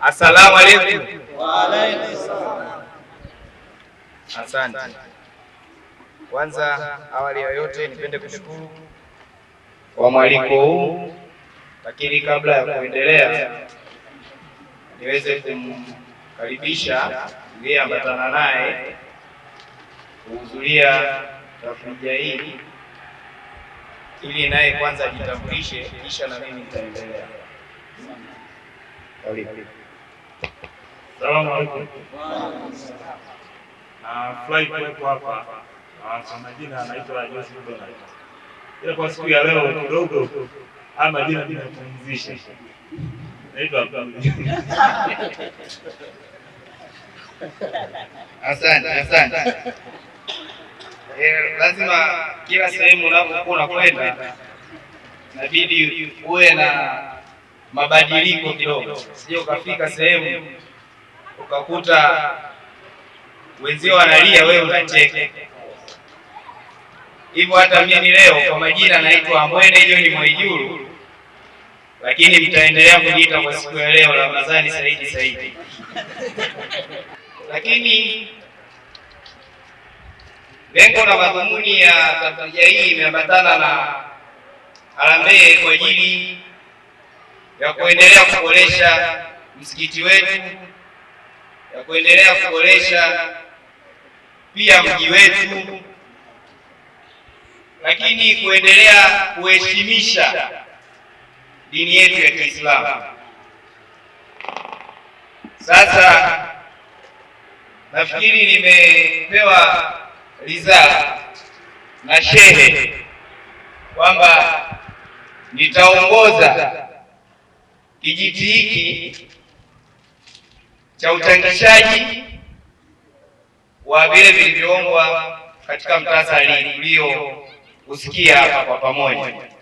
Asalamu alaykum. Wa alaykum salam. Asante. Kwanza awali ya yote, nipende kushukuru kwa mwaliko huu, lakini kabla ya kuendelea, niweze kumkaribisha iliyeambatana naye kuhudhuria tafrija hii ili naye kwanza ajitambulishe, kisha na mimi nitaendelea. Karibu. kuwepo hapa na kwa majina anaitwa Joseph Donald, ila kwa siku ya leo kidogo haya majina naitwa Asante, asante. Eh, lazima kila sehemu unapokuwa unakwenda inabidi uwe na mabadiliko kidogo, Sio ukafika sehemu ukakuta wenzio wanalia, wewe unacheka hivyo. Hata mimi leo kwa majina naitwa Ambwene John Mwaijuru, lakini mtaendelea kuniita kwa siku ya leo Ramadhani Saidi Saidi. Lakini lengo na madhumuni ya tafrija hii imeambatana na harambee kwa ajili ya kuendelea kuboresha msikiti wetu, ya kuendelea kuboresha pia mji wetu, lakini kuendelea kuheshimisha dini yetu ya Kiislamu. Sasa nafikiri nimepewa ridhaa na shehe kwamba nitaongoza kijiti hiki cha uchangishaji wa vile vilivyoombwa katika mtasari ulio usikia hapa kwa pamoja.